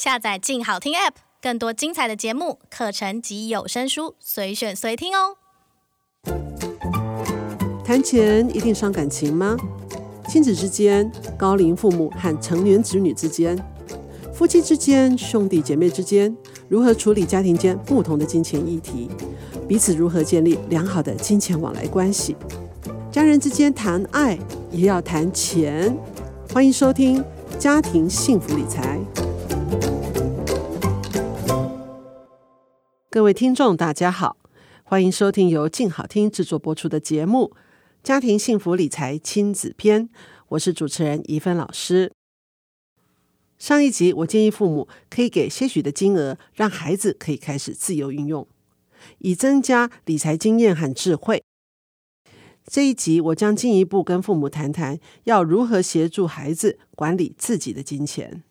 下載“靜好聽 ”App，更多精彩的節目、課程及有聲書，隨選隨聽哦。談錢一定傷感情嗎？親子之間、高齡父母和成年子女之間、夫妻之間、兄弟姐妹之間，如何處理家庭間不同的金錢議題？彼此如何建立良好的金錢往來關係？家人之間談愛也要談錢？歡迎收聽《家庭幸福理財》。各位聽眾，大家好，歡迎收聽由靜好聽製作播出的節目《家庭幸福理財親子篇》，我是主持人怡芬老師。上一集我建議父母可以給些許的金額，讓孩子可以開始自由運用，以增加理財經驗和智慧。這一集我將進一步跟父母談談，要如何協助孩子管理自己的金錢。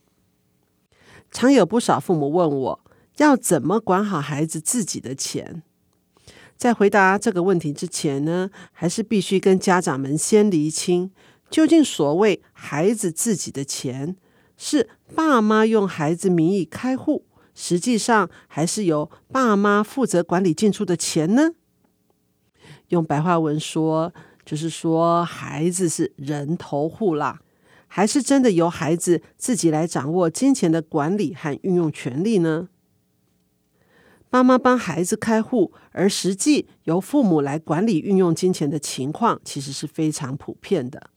常有不少父母問我。要怎麼管好孩子自己的錢？在回答這個問題之前呢，還是必須跟家長們先釐清，究竟所謂孩子自己的錢，是爸媽用孩子名義開戶，實際上還是由爸媽負責管理進出的錢呢？用白話文說，就是說孩子是人頭戶啦，還是真的由孩子自己來掌握金錢的管理和運用權利呢？媽媽幫孩子開戶，而實際由父母來管理運用金錢的情況，其實是非常普遍的。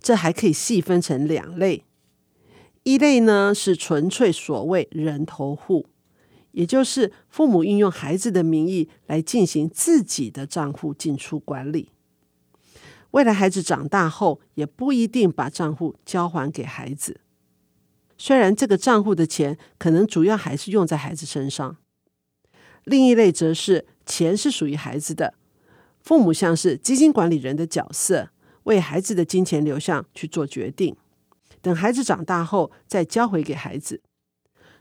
這還可以細分成兩類：一類呢是純粹所謂人頭戶，也就是父母運用孩子的名義來進行自己的賬戶進出管理。未來孩子長大後，也不一定把賬戶交還給孩子。雖然這個賬戶的錢，可能主要還是用在孩子身上。另一類則是錢是屬於孩子的，父母像是基金管理人的角色，為孩子的金錢流向去做決定，等孩子長大後再交回給孩子。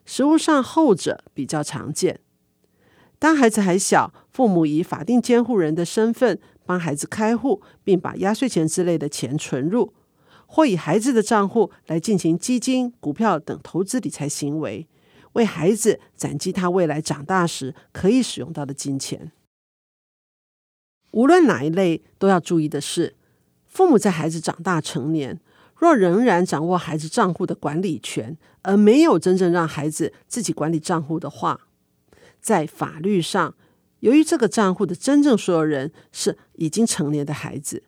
實務上後者比較常見。當孩子還小，父母以法定監護人的身份幫孩子開戶，並把壓歲錢之類的錢存入，或以孩子的賬戶來進行基金、股票等投資理財行為。為孩子攢積他未來長大時可以使用到的金錢。無論哪一類，都要注意的是，父母在孩子長大成年，若仍然掌握孩子賬戶的管理權，而沒有真正讓孩子自己管理賬戶的話，在法律上，由於這個賬戶的真正所有人是已經成年的孩子，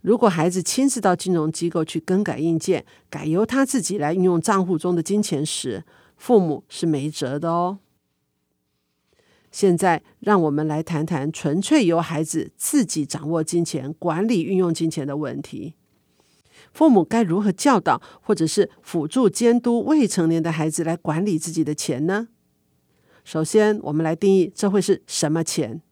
如果孩子親自到金融機構去更改印鑑，改由他自己來運用賬戶中的金錢時，父母是沒轍的哦。現在，讓我們來談談純粹由孩子自己掌握金錢、管理運用金錢的問題。父母該如何教導或者是輔助監督未成年的孩子來管理自己的錢呢？首先，我們來定義這會是什麼錢。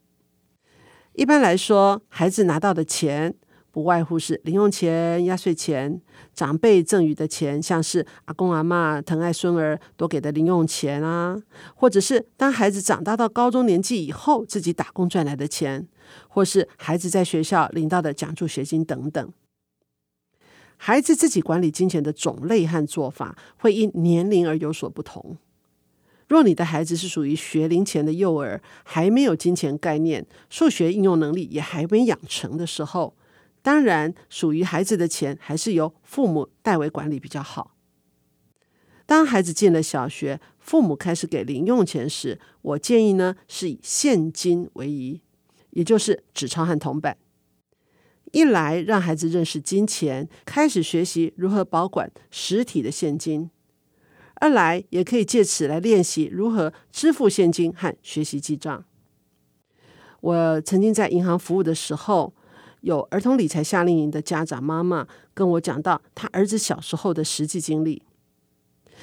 一般來說，孩子拿到的錢。不外乎是零用錢、壓歲錢、長輩贈予的錢，像是阿公阿嬤疼愛孫兒多給的零用錢啊，或者是當孩子長大到高中年紀以後自己打工賺來的錢，或是孩子在學校領到的獎助學金等等。孩子自己管理金錢的種類和做法會因年齡而有所不同。若你的孩子是屬於學齡前的幼兒，還沒有金錢概念，數學應用能力也還沒養成的時候。當然，屬於孩子的錢還是由父母代為管理比較好。當孩子進了小學，父母開始給零用錢時，我建議呢是以現金為宜，也就是紙鈔和銅板。一來讓孩子認識金錢，開始學習如何保管實體的現金；二來也可以借此來練習如何支付現金和學習記賬。我曾經在銀行服務的時候。有兒童理財夏令營的家長媽媽跟我講到他兒子小時候的實際經歷：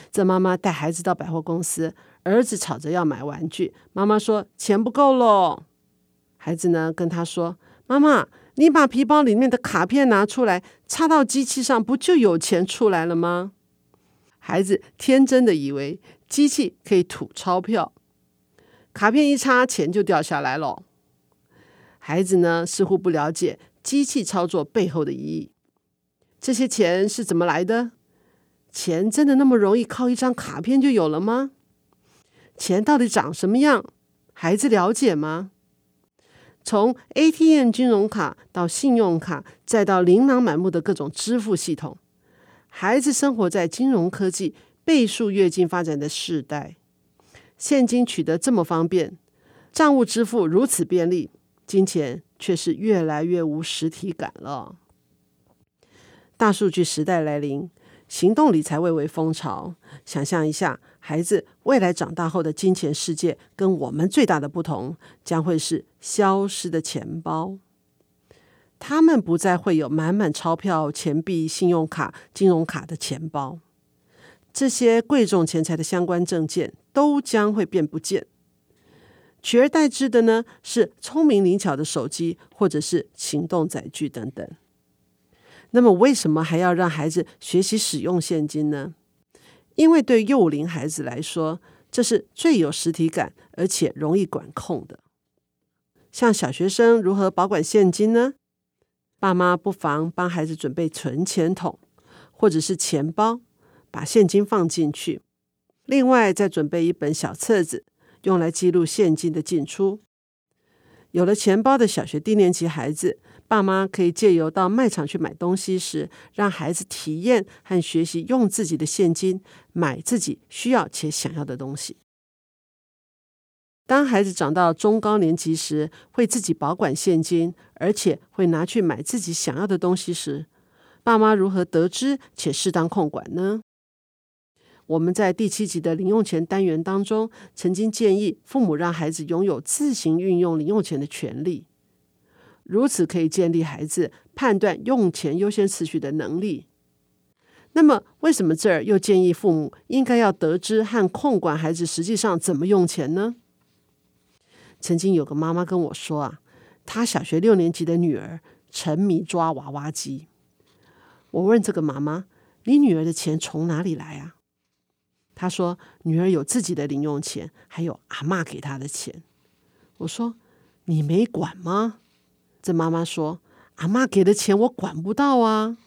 這媽媽帶孩子到百貨公司，兒子吵着要買玩具，媽媽說錢不夠嘍。孩子呢跟他說：“媽媽，你把皮包裡面的卡片拿出來，插到機器上，不就有錢出來了嗎？”孩子天真的以為機器可以吐鈔票，卡片一插，錢就掉下來嘍。孩子呢似乎不了解。機器操作背後的意義，這些錢是怎麼來的？錢真的那麼容易靠一張卡片就有了嗎？錢到底長什麼樣？孩子了解嗎？從 ATM 金融卡到信用卡，再到琳琅滿目的各種支付系統，孩子生活在金融科技倍速躍進發展的時代，現金取得這麼方便，賬務支付如此便利。金錢卻是越來越無實體感了。大數據時代來臨，行動理財蔚為風潮。想象一下，孩子未來長大後的金錢世界，跟我們最大的不同，將會是消失的錢包。他們不再會有滿滿鈔票、錢幣、信用卡、金融卡的錢包，這些貴重錢財的相關證件都將會變不見。取而代之的呢，是聰明靈巧的手機或者是行動載具等等。那麼，為什麼還要讓孩子學習使用現金呢？因為對幼齡孩子來說，這是最有實體感而且容易管控的。像小學生如何保管現金呢？爸媽不妨幫孩子準備存錢筒或者是錢包，把現金放進去。另外，再準備一本小冊子。用來記錄現金的進出。有了錢包的小學低年級孩子，爸媽可以借由到賣場去買東西時，讓孩子體驗和學習用自己的現金買自己需要且想要的東西。當孩子長到中高年級時，會自己保管現金，而且會拿去買自己想要的東西時，爸媽如何得知且適當控管呢？我們在第七集的零用錢單元當中，曾經建議父母讓孩子擁有自行運用零用錢的權利，如此可以建立孩子判斷用錢優先次序的能力。那麼，為什麼這兒又建議父母應該要得知和控管孩子實際上怎麼用錢呢？曾經有個媽媽跟我說啊，她小學六年級的女兒沉迷抓娃娃機。我問這個媽媽：“你女兒的錢從哪裡來啊？”他說：“女兒有自己的零用錢，還有阿嬤給她的錢。”我說：“你沒管嗎？”這媽媽說：“阿嬤給的錢我管不到啊。”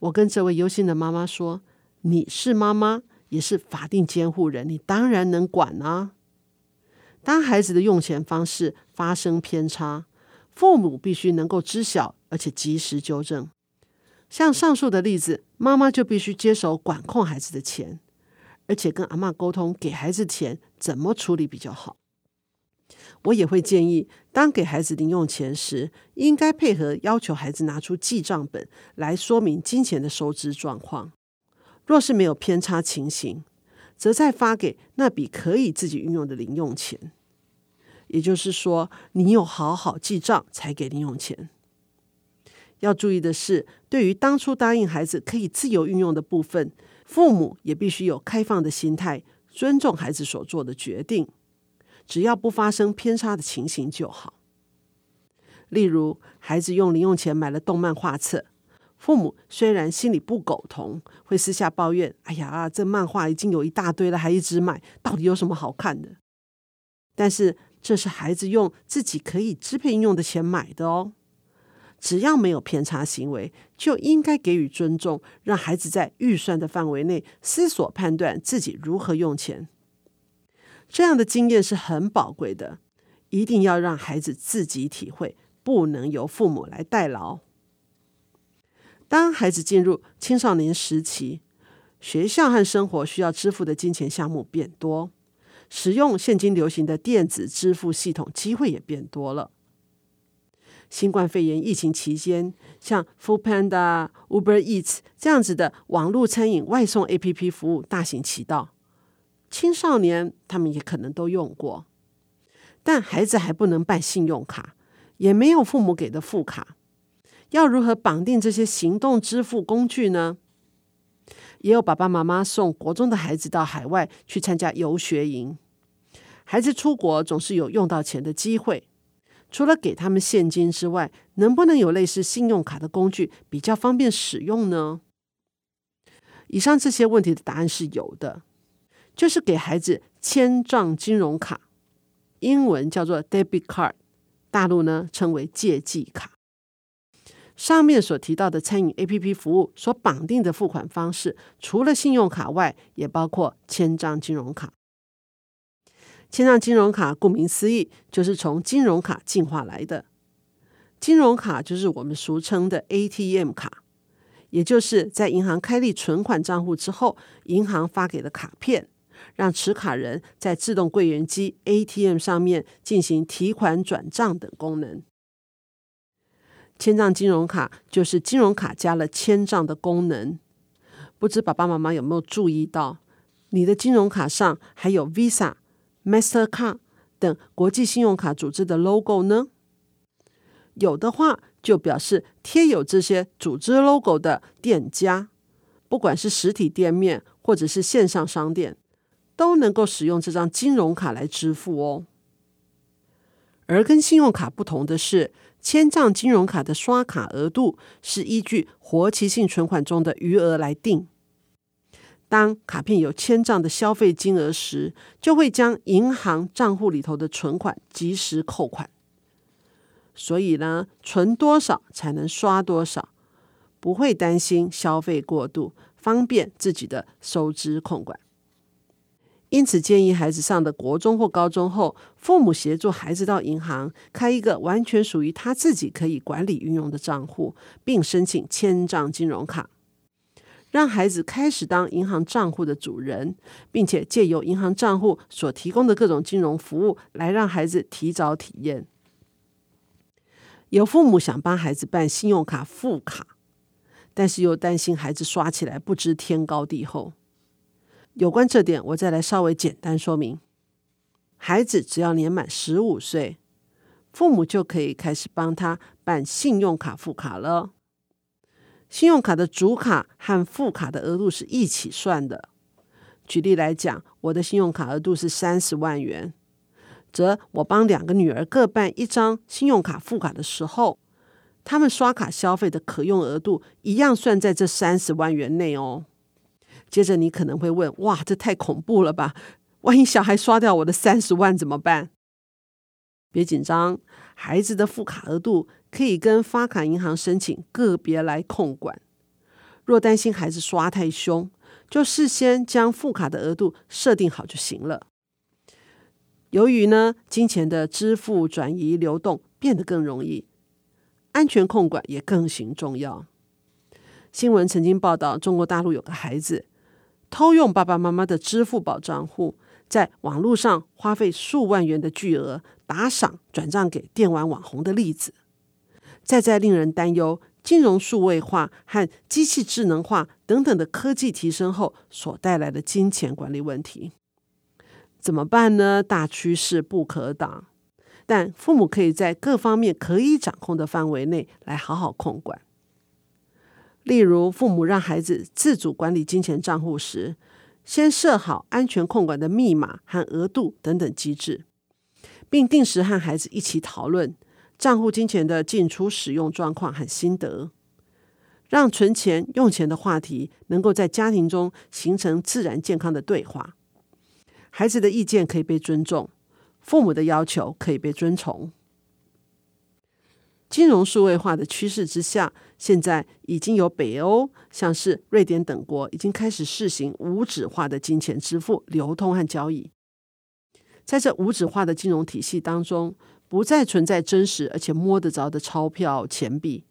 我跟這位憂心的媽媽說：“你是媽媽，也是法定監護人，你當然能管啊。當孩子的用錢方式發生偏差，父母必須能夠知曉，而且及時糾正。像上述的例子，媽媽就必須接手管控孩子的錢。”而且跟阿嬤溝通，給孩子錢怎麼處理比較好？我也會建議，當給孩子零用錢時，應該配合要求孩子拿出記賬本來說明金錢的收支狀況。若是沒有偏差情形，則再發給那筆可以自己運用的零用錢。也就是說，你有好好記賬才給零用錢。要注意的是，對於當初答應孩子可以自由運用的部分。父母也必須有開放的心態，尊重孩子所做的決定，只要不發生偏差的情形就好。例如，孩子用零用錢買了動漫畫冊，父母雖然心裡不苟同，會私下抱怨：“哎呀，這漫畫已經有一大堆了，還一直買，到底有什麼好看的？”但是，這是孩子用自己可以支配應用的錢買的哦。只要沒有偏差行為，就應該給予尊重，讓孩子在預算的範圍內思索判斷自己如何用錢。這樣的經驗是很寶貴的，一定要讓孩子自己體會，不能由父母來代勞。當孩子進入青少年時期，學校和生活需要支付的金錢項目變多，使用現今流行的電子支付系統，機會也變多了。新冠肺炎疫情期間，像 Foodpanda、Uber Eats 這樣子的網絡餐飲外送 APP 服務大行其道。青少年他們也可能都用過，但孩子還不能辦信用卡，也沒有父母給的副卡，要如何綁定這些行動支付工具呢？也有爸爸媽媽送國中的孩子到海外去參加遊學營，孩子出國總是有用到錢的機會。除了給他們現金之外，能不能有類似信用卡的工具比較方便使用呢？以上這些問題的答案是有的，就是給孩子簽賬金融卡，英文叫做 debit card，大陸呢稱為借記卡。上面所提到的餐飲 APP 服務所綁定的付款方式，除了信用卡外，也包括簽賬金融卡。簽帳金融卡，顧名思義，就是從金融卡進化來的。金融卡就是我們俗稱的 ATM 卡，也就是在銀行開立存款賬戶之後，銀行發給的卡片，讓持卡人在自動櫃員機 ATM 上面進行提款、轉賬等功能。簽帳金融卡就是金融卡加了簽帳的功能。不知爸爸媽媽有沒有注意到，你的金融卡上還有 Visa。Mastercard 等國際信用卡組織的 logo 呢？有的話，就表示貼有這些組織 logo 的店家，不管是實體店面或者是線上商店，都能夠使用這張金融卡來支付哦。而跟信用卡不同的是，簽帳金融卡的刷卡額度是依據活期性存款中的餘額來定。當卡片有簽帳的消費金額時，就會將銀行賬戶裡頭的存款即時扣款。所以呢，存多少才能刷多少，不會擔心消費過度，方便自己的收支控管。因此，建議孩子上了國中或高中後，父母協助孩子到銀行開一個完全屬於他自己可以管理運用的賬戶，並申請簽帳金融卡。讓孩子開始當銀行賬戶的主人，並且借由銀行賬戶所提供的各種金融服務來讓孩子提早體驗。有父母想幫孩子辦信用卡副卡，但是又擔心孩子刷起來不知天高地厚。有關這點，我再來稍微簡單說明：孩子只要年滿十五歲，父母就可以開始幫他辦信用卡副卡了。信用卡的主卡和副卡的額度是一起算的。舉例來講，我的信用卡額度是三十萬元，則我幫兩個女兒各辦一張信用卡副卡的時候，她們刷卡消費的可用額度一樣算在這三十萬元內哦。接着你可能會問：哇，這太恐怖了吧！萬一小孩刷掉我的三十萬怎麼辦？別緊張，孩子的副卡額度可以跟發卡銀行申請個別來控管。若擔心孩子刷太凶，就事先將副卡的額度設定好就行了。由於呢，金錢的支付轉移流動變得更容易，安全控管也更形重要。新聞曾經報道，中國大陸有個孩子偷用爸爸媽媽的支付寶賬戶，在網絡上花費數萬元的巨額。打賞轉賬給電玩網紅的例子，再在令人擔憂。金融數位化和機器智能化等等的科技提升後所帶來的金錢管理問題，怎麼辦呢？大趨勢不可擋，但父母可以在各方面可以掌控的範圍內來好好控管。例如，父母讓孩子自主管理金錢賬戶時，先設好安全控管的密碼和額度等等機制，並定時和孩子一起討論賬戶金錢的進出使用狀況和心得，讓存錢用錢的話題能夠在家庭中形成自然健康的對話。孩子的意見可以被尊重，父母的要求可以被遵從。金融數位化的趨勢之下，現在已經有北歐，像是瑞典等國，已經開始試行無紙化的金錢支付、流通和交易。在這無紙化的金融體系當中，不再存在真實而且摸得着的鈔票、錢幣，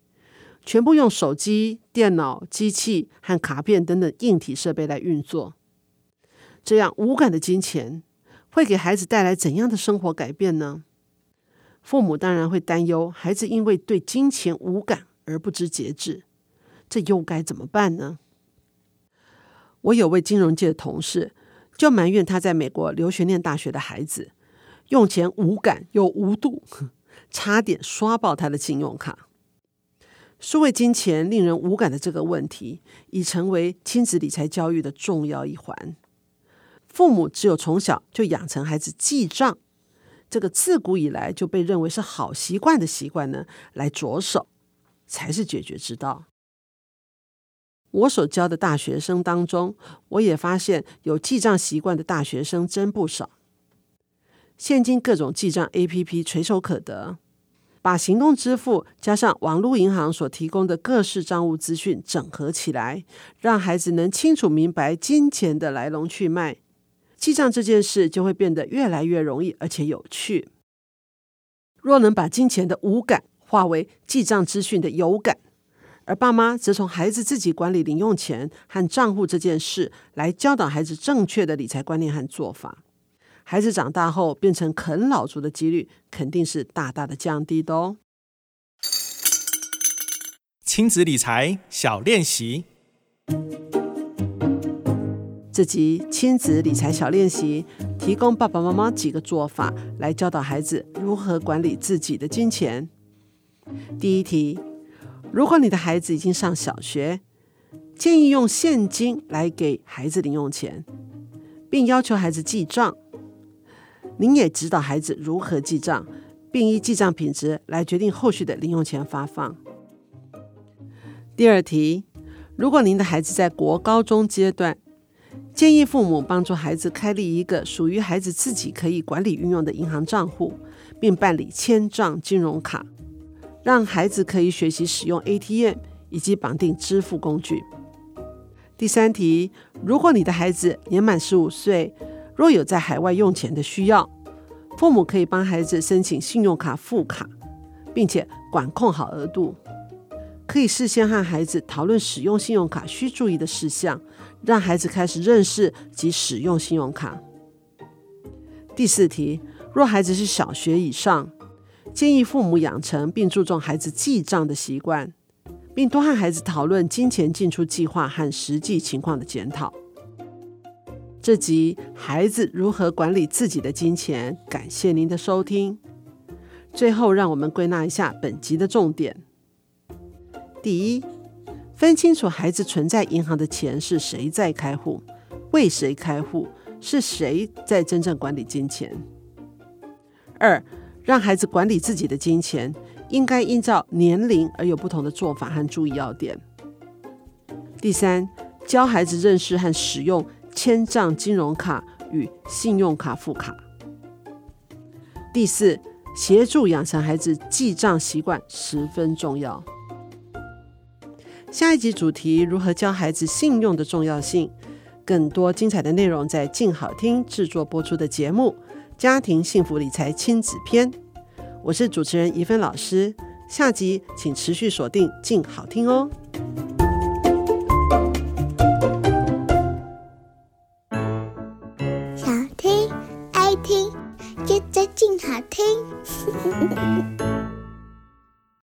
全部用手機、電腦、機器和卡片等等硬體設備來運作。這樣無感的金錢，會給孩子帶來怎樣的生活改變呢？父母當然會擔憂，孩子因為對金錢無感而不知節制，這又該怎麼辦呢？我有位金融界的同事。就埋怨他在美國留學念大學的孩子，用錢無感又無度，差點刷爆他的信用卡。數位金錢令人無感的這個問題，已成為親子理財教育的重要一環。父母只有從小就養成孩子記賬，這個自古以來就被認為是好習慣的習慣呢，來着手才是解決之道。我所教的大學生當中，我也發現有記賬習慣的大學生真不少。現今各種記賬 APP 垂手可得，把行動支付加上網絡銀行所提供的各式賬務資訊整合起來，讓孩子能清楚明白金錢的來龍去脈，記賬這件事就會變得越來越容易，而且有趣。若能把金錢的無感化為記賬資訊的有感。而爸媽則從孩子自己管理零用錢和賬戶這件事來教導孩子正確的理財觀念和做法。孩子長大後變成啃老族的幾率肯定是大大的降低的哦。親子理財小練習，這集親子理財小練習提供爸爸媽媽幾個做法來教導孩子如何管理自己的金錢。第一題。如果你的孩子已經上小學，建議用現金來給孩子零用錢，並要求孩子記賬。您也指導孩子如何記賬，並依記賬品質來決定後續的零用錢發放。第二題，如果您的孩子在國高中階段，建議父母幫助孩子開立一個屬於孩子自己可以管理運用的銀行賬戶，並辦理簽帳金融卡。讓孩子可以學習使用 ATM 以及綁定支付工具。第三題：如果你的孩子年滿十五歲，若有在海外用錢的需要，父母可以幫孩子申請信用卡副卡，並且管控好額度。可以事先和孩子討論使用信用卡需注意的事項，讓孩子開始認識及使用信用卡。第四題：若孩子是小學以上。建議父母養成並注重孩子記賬的習慣，並多和孩子討論金錢進出計劃和實際情況的檢討。這集孩子如何管理自己的金錢，感謝您的收聽。最後，讓我們歸納一下本集的重點：第一，分清楚孩子存在銀行的錢是誰在開戶、為誰開戶、是誰在真正管理金錢；二。讓孩子管理自己的金錢，應該依照年齡而有不同的做法和注意要點。第三，教孩子認識和使用簽帳金融卡與信用卡副卡。第四，協助養成孩子記賬習慣十分重要。下一集主題：如何教孩子信用的重要性。更多精彩的內容，在靜好聽製作播出的節目。家庭幸福理財親子篇，我是主持人怡芬老師。下集請持續鎖定，靜好聽哦。